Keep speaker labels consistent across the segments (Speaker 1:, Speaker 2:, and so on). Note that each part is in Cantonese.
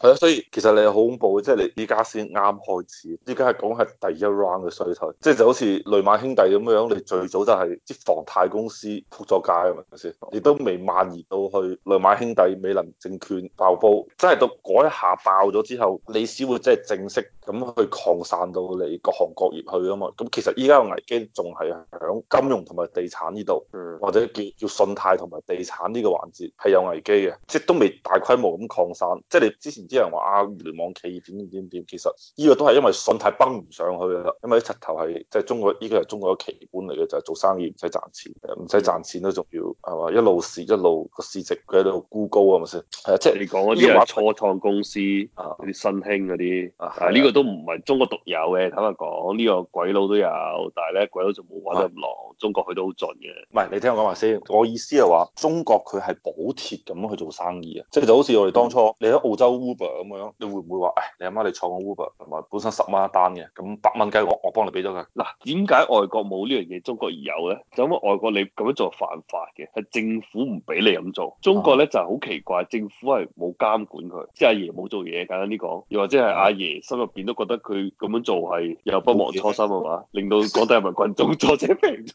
Speaker 1: 係咯，所以其實你係好恐怖嘅，即係你依家先啱開始，依家係講係第一 round 嘅衰退，即係就好似雷曼兄弟咁樣，你最早就係啲房貸公司撲咗街，啊嘛，係咪先？亦都未蔓延到去雷曼兄弟、美林證券爆煲，即係到嗰一下爆咗之後，你先會即係正式。咁去、嗯、擴散到你各行各業去啊嘛，咁其實依家嘅危機仲係喺金融同埋地產呢度，或者叫叫信貸同埋地產呢個環節係有危機嘅，即係都未大規模咁擴散。即係你之前啲人話啊，互聯網企業點點點，其實呢個都係因為信貸崩唔上去啦，因為啲柒頭係即係中國依、這個係中國嘅奇觀嚟嘅，就係、是、做生意唔使賺錢，唔使賺錢都仲要
Speaker 2: 係嘛，一路蝕一路個市值佢喺度高高係咪先？
Speaker 1: 係啊，即係你講嗰啲啊，初
Speaker 2: 創公司啊,啊，嗰啲新興嗰啲啊，呢個都。是啊是都唔係中國獨有嘅，坦白講呢個鬼佬都有，但係咧鬼佬就冇玩得咁狼。中國佢都好盡嘅。唔係你聽我講話先，我意
Speaker 1: 思係話中國佢係補貼咁去做生意啊，即係就好似我哋當初你喺澳洲 Uber 咁樣，你會唔會話誒你阿媽你坐緊 Uber 同埋本身十蚊一單嘅，咁百蚊雞我我幫你俾
Speaker 2: 咗佢。嗱點解外國冇呢樣嘢中國而有咧？就因為外國你咁樣做犯法嘅，係政府唔俾你咁做。中國咧就係好奇怪，政府係冇監管佢，即係阿爺冇做嘢簡單啲講，又或者係阿爺心入邊。都覺得佢咁樣做係又不忘初心啊嘛， 令到廣大人民群眾坐車平
Speaker 1: 咗。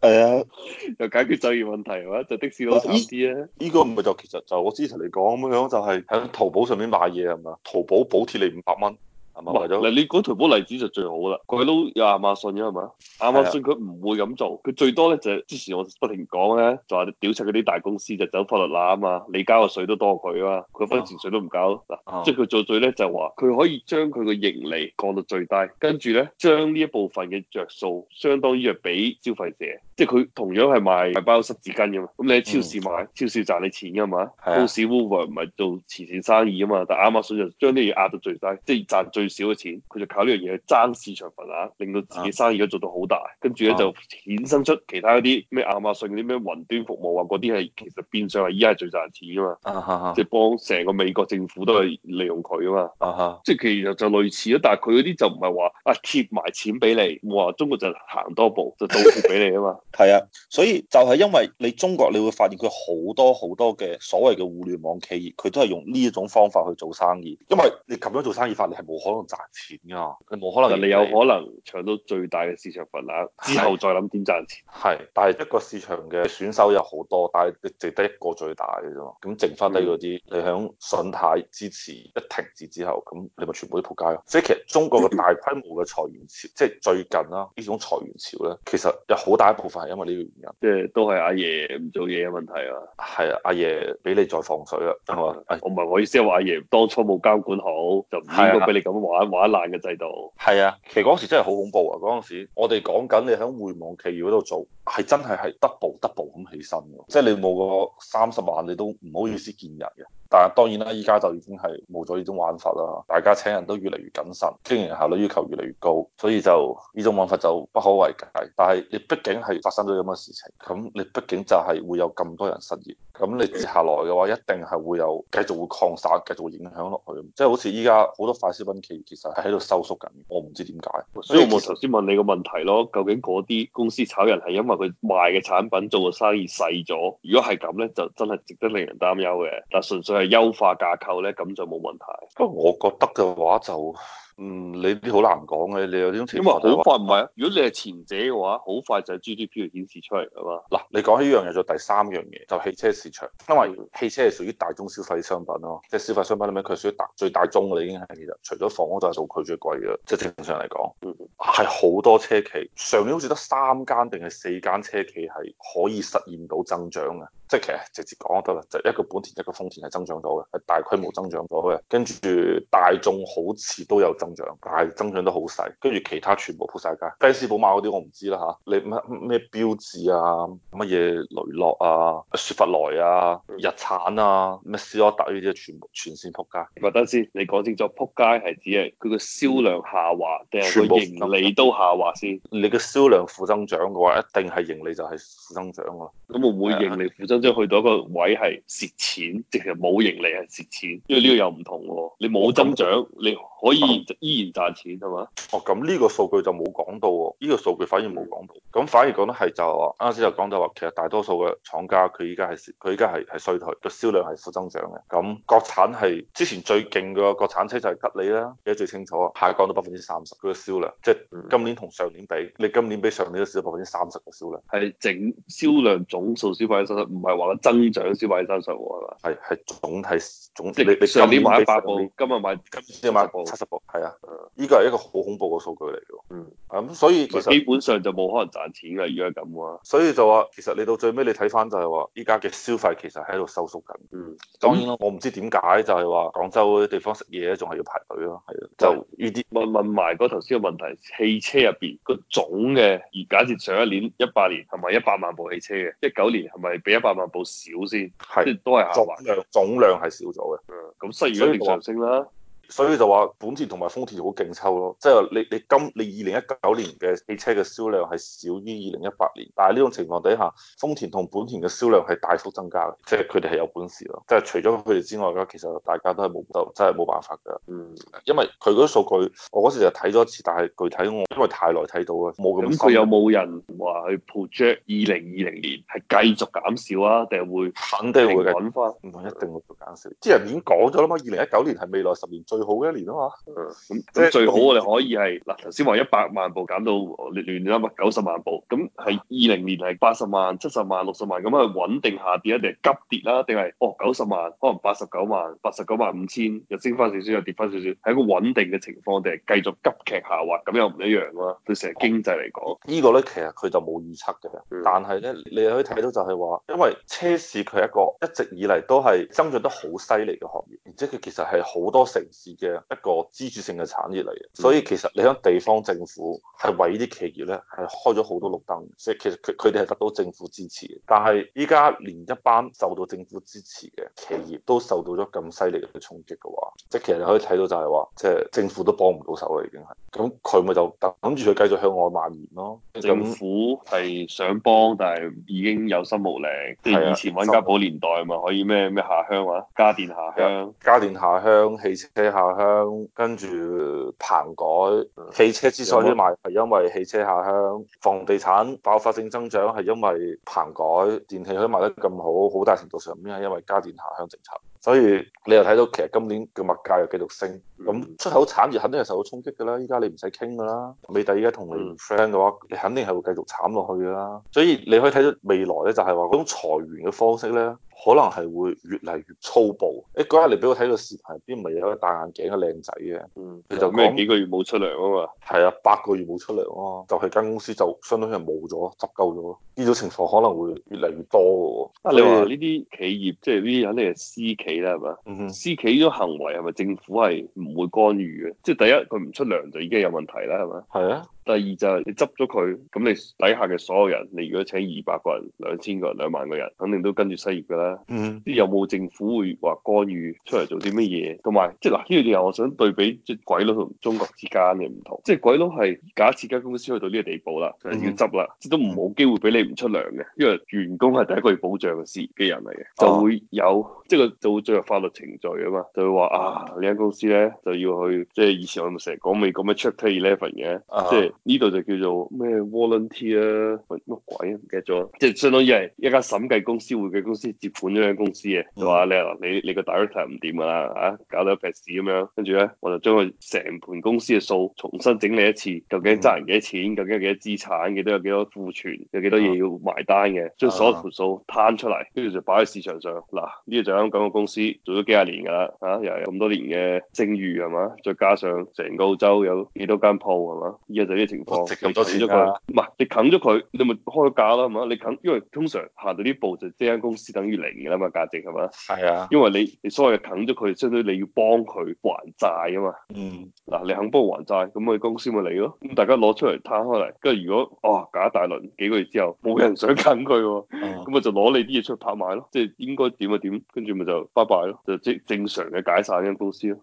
Speaker 1: 係 是啊，
Speaker 2: 又解決就業問題啊嘛，就的士佬少啲啊。呢、這個唔係、這個、就其實就我之前嚟講咁樣就係、是、喺淘寶上面買嘢係嘛，
Speaker 1: 淘寶補貼你五百蚊。唔、啊、
Speaker 2: 你講淘寶例子就最好啦。佢都有亞馬遜吖係嘛？亞馬遜佢唔會咁做，佢的最多咧就係、是、之前我不停講咧，就話屌柒嗰啲大公司就走法律罅啊嘛，你交嘅稅都多佢啊嘛，佢分錢稅都唔交。嗱、啊，即係佢做最咧就話佢可以將佢嘅盈利降到最低，跟住咧將呢一部分嘅着數相當於係俾消費者，即係佢同樣係賣包濕紙巾嘅嘛。咁你喺超市買，嗯、超市賺你錢嘅嘛。超市唔係的、啊、做慈善生意啊嘛，但係亞馬遜就將啲嘢壓到最低，即係賺最。最少嘅錢，佢就靠呢樣嘢去爭市場份額，令到自己生意都做到好大。跟住咧就衍生出其他啲咩亞馬遜啲咩雲端服務啊，嗰啲係其實變相係依家係最賺錢噶嘛。即係、啊、幫成個美國政府都係利用佢啊嘛哈。即係其實就類似咯，但係佢嗰啲就唔係話啊貼埋錢俾你，話中國就行多步就倒貼俾你啊嘛。係 啊，所以就係因為你中
Speaker 1: 國，你會發現佢好多好多嘅所謂嘅互聯網企業，佢都係用呢一種方法去做生意，因為你咁樣做生意法，你係冇可。賺錢
Speaker 2: 噶，佢冇可能賺錢，人有可能搶到
Speaker 1: 最大嘅市場份額，是之後再諗點賺錢。係，但係一個市場嘅選手有好多，但係淨得一個最大嘅啫嘛。咁剩翻低嗰啲，嗯、你響信貸支持一停止之後，咁你咪全部都撲街咯。即係其實中國嘅大規模嘅裁員潮，即係、嗯、最近啦，呢種裁員潮咧，其實有好大一部分係因為呢個原因。即係都係阿爺唔
Speaker 2: 做嘢嘅問題啊。係啊，阿爺俾你再放水啦，啊、我唔係我意思係話阿爺當初冇監管好，就唔應該俾你咁、啊。玩玩爛嘅制度，係啊，其實嗰時真係好恐怖
Speaker 1: 啊！嗰陣時，我哋講緊，你喺互聯網企業嗰度做。係真係係 double double 咁起身，即係你冇個三十萬你都唔好意思見人嘅。但係當然啦，依家就已經係冇咗呢種玩法啦。大家請人都越嚟越謹慎，經營效率要求越嚟越高，所以就呢種玩法就不可為繼。但係你畢竟係發生咗咁嘅事情，咁你畢竟就係會有咁多人失業，咁你接下來嘅話一定係會有繼續會擴散，繼續影響
Speaker 2: 落去。即係好似依家好多快消品企業其實係喺度收縮緊，我唔知點解。所以我咪頭先問你個問題咯，究竟嗰啲公司炒人係因為？佢賣嘅產品做嘅生意細咗，如果係咁呢，就真係值得令人擔憂嘅。但純粹係優化架構呢，咁就冇問題。不過我覺得嘅話就。嗯，你啲好難講嘅，你有呢種情況。因為好快唔係，如果你係前者嘅話，好快就係 GDP 嚟顯示出嚟噶嘛。
Speaker 1: 嗱，你講起呢樣嘢，就第三樣嘢就汽車市場，因為汽車係屬於大宗消費商品咯，即係消費商品裏面佢係屬於大最大宗嘅，已經係其實除咗房屋就係做佢最貴嘅，即係正常嚟講係好多車企上年好似得三間定係四間車企係可以實現到增長嘅，即係其實直接講得啦，就是，一個本田一個豐田係增長到嘅，係大規模增長咗嘅，跟住大眾好似都有。增長，但係增長都好細，跟住其他全部撲晒街。芬士、寶馬嗰啲我唔知啦嚇，你咩咩標誌啊，乜嘢雷諾啊、
Speaker 2: 雪佛萊啊、日產啊、咩斯柯達呢啲全部全線撲街。唔係，等先，你講清楚，撲街係指係佢個銷量下滑定係佢盈利都下
Speaker 1: 滑先？你個銷量負增長嘅話，一定係盈利就係負增長咯。咁會唔會盈利
Speaker 2: 負增長去到一個位係蝕錢，即係冇盈利係蝕錢？因為呢個又唔同喎，你冇增長，你可以、嗯。依然賺錢係嘛？哦，咁呢個數據就冇講
Speaker 1: 到喎，呢個數據反而冇講到。咁反而講得係就話啱先就講到話，其實大多數嘅廠家佢依家係佢依家係係衰退，個銷量係負增長嘅。咁國產係之前最勁嘅國產車就係吉利啦，記得最清楚，下降到百分之三十，佢嘅銷量，即係今年同上年比，你今年比上年都少百分之三十嘅銷量。係整銷量總數少百分之三十，唔係話增長少百分之三十喎，係嘛？係總體即你你今年上年買一百部，今日買今朝買七十部，係啊，依個係一個好恐怖嘅數據嚟嘅。嗯，咁、嗯、所以其實基本上就冇可能賺錢㗎，而家係咁啊。所以就話，其實你到最尾你睇翻就係話，依家嘅消費其實喺度收縮緊。嗯，當然啦，嗯、我唔知點解就係、是、話廣州啲地
Speaker 2: 方食嘢仲係要排隊咯，係啊，就呢、是、啲問問埋嗰頭先嘅問題，汽車入邊個總嘅，而假設上一年一八年係咪一百萬部汽車嘅？一九年係咪比一百萬部少先？係是，即都係下
Speaker 1: 滑。總量係少咗嘅。咁所以如果年上升啦。嗯嗯所以就話本田同埋豐田好勁抽咯，即係你你今你二零一九年嘅汽車嘅銷量係少於二零一八年，但係呢種情況底下，豐田同本田嘅銷量係大幅增加嘅，即係佢哋係有本事咯。即係除咗佢哋之外啦，其實大家都係冇得真係冇辦法㗎。嗯，因為佢嗰啲數據，我嗰時就睇咗一次，但係具體我因為太耐睇
Speaker 2: 到啊，冇咁深。咁佢、嗯、有冇人話去 project 二零二零年係繼續減少啊？定係會肯定會揾翻？唔一定會減少。啲人已
Speaker 1: 經講咗啦嘛，二零一九年係未來十年最好嘅一年啊嘛，咁即係最好我哋可
Speaker 2: 以係嗱頭先話一百萬部減到亂亂噏九十萬部，咁係二零年係八十萬、七十萬、六十萬咁啊，穩定下跌一定係急跌啦？定係哦九十萬可能八十九萬、八十九萬五千又升翻少少又跌翻少少，係一個穩定嘅情況定係繼續急劇下滑咁又唔一樣啦。對成經濟嚟講，嗯、個呢個咧其實佢就冇預測嘅，但係咧你可以睇到就係話，因為
Speaker 1: 車市佢係一個一直以嚟都係增長得好犀利嘅行業，然之後佢其實係好多城市。嘅一個支柱性嘅產業嚟嘅，所以其實你喺地方政府係為啲企業咧係開咗好多綠燈，即係其實佢佢哋係得到政府支持嘅。但係依家連一班受到政府支持嘅企業都受到咗咁犀利嘅衝擊嘅話，即係其實你可以睇到就係話，即係政府都幫唔到手喇已經係，咁佢咪就等住佢繼續向
Speaker 2: 外蔓延咯。政府係想幫，但係已經有心無力。即係以前温家寶年代啊嘛，可以咩咩下鄉啊，家電下鄉，家電下鄉，汽
Speaker 1: 車。下鄉，跟住棚改，汽車之所以賣係因為汽車下鄉，房地產爆發性增長係因為棚改，電器可以賣得咁好，好大程度上面係因為家電下鄉政策。所以你又睇到其實今年嘅物價又繼續升，咁出口產業肯定係受到衝擊噶啦。依家你唔使傾噶啦，美帝依家同你唔 friend 嘅話，你肯定係會繼續慘落去噶啦。所以你可以睇到未來咧，就係話嗰種裁員嘅方式咧。可能係會越嚟越粗暴。哎、欸，嗰日嚟俾我睇個視頻，邊唔係有個戴眼鏡嘅靚仔嘅？嗯，佢就咩幾個月冇出糧啊嘛？係啊，八個月冇出糧啊，就係、是、間公司就相當於係冇咗，執鳩咗。呢種情況可能會越嚟越多嘅。啊、嗯，以你話呢
Speaker 2: 啲企業，即係呢啲人嚟係私企啦，係嘛？嗯、哼私企呢種行為係咪政府係唔會干預嘅？即、就、係、是、第一，佢唔出糧就已經有問題啦，係咪？係啊。第二就係你執咗佢，咁你底下嘅所有人，你如果請二百個人、兩千個人、兩萬個人，肯定都跟住失業㗎啦。嗯、mm。啲、hmm. 有冇政府會話干預出嚟做啲乜嘢？同埋即係嗱，呢、就、樣、是、我想對比即係、就是、鬼佬同中國之間嘅唔同。即、就、係、是、鬼佬係假設間公司去到呢個地步啦，要執啦，即都唔冇機會俾你唔出糧嘅，因為員工係第一個要保障嘅事嘅人嚟嘅，就會有即係佢就會進入法律程序啊嘛，就會話啊，呢間公司咧就要去即係以前我哋成日講未咁樣 Chapter 嘅，即係。11, uh huh. uh huh. 呢度就叫做咩 volunteer 啊？乜鬼啊？唔記得咗，即係相當於係一家審計公司、會計公司接管咗間公司嘅，就話你你你個 director 唔掂㗎啦，啊搞到一撇屎咁樣，跟住咧我就將佢成盤公司嘅數重新整理一次，究竟賺人幾多錢，究竟有幾多資產，亦都有幾多庫存，有幾多嘢要埋單嘅，將所有盤數攤出嚟，跟住就擺喺市場上。嗱、啊，呢、呢個就啱啱咁嘅公司做咗幾廿年㗎啦，啊又有咁多年嘅聲譽係嘛，再加上成個澳洲有幾多間鋪係嘛，依家就值咁多錢咗、啊、佢，唔係你啃咗佢，你咪開價咯，係嘛？你啃，因為通常行到呢步就呢間公司等於零噶啦嘛，價值，係嘛？係啊，因為你你所謂嘅啃咗佢，相當於你要幫佢還債啊嘛。嗯，嗱，你肯幫還債，咁啊公司咪嚟咯。咁大家攞出嚟攤開嚟，跟住如果啊、哦、假一大輪，幾個月之後冇人想啃佢、哦，咁啊、嗯、就攞你啲嘢出去拍賣咯。即係應該點就點，跟住咪就 bye bye 咯，就正正常嘅解散間公司咯。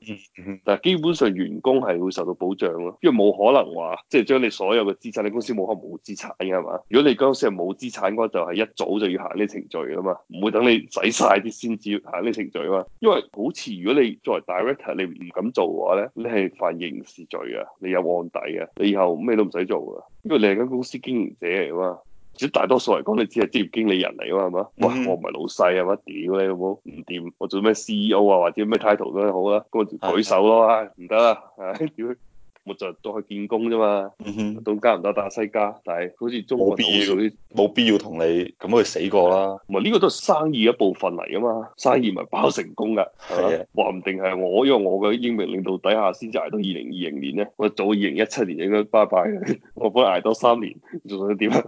Speaker 2: 嗯、但係基本上員工係會受到保障咯，因為冇可能話即係。將你所有嘅資產，你公司冇可能冇資產嘅係嘛？如果你間公司係冇資產嘅話，就係、是、一早就要行呢程序噶嘛，唔會等你使晒啲先至行呢程序啊嘛。因為好似如果你作為 director，你唔敢做嘅話咧，你係犯刑事罪嘅，你有案底嘅，你以後咩都唔使做噶。因為你係間公司經營者嚟噶嘛，即大多數嚟講，你只係職業經理人嚟噶嘛，係嘛？哇，我唔係老細啊嘛，屌你好唔掂？我做咩 CEO 啊，或者咩 title 都好啦，咁就舉手咯，唔得啦，我就都去建功啫嘛，都加唔到打，打西加，但係好似中國冇必要啲，冇些必要同你咁去死過啦。唔係呢個都係生意一部分嚟啊嘛，生意咪包成功噶。係話唔定係我，因為我嘅英明領導底下，先至挨到二零二零年咧。我早二零一七年應該拜拜 我本嚟挨多三年，仲想點啊？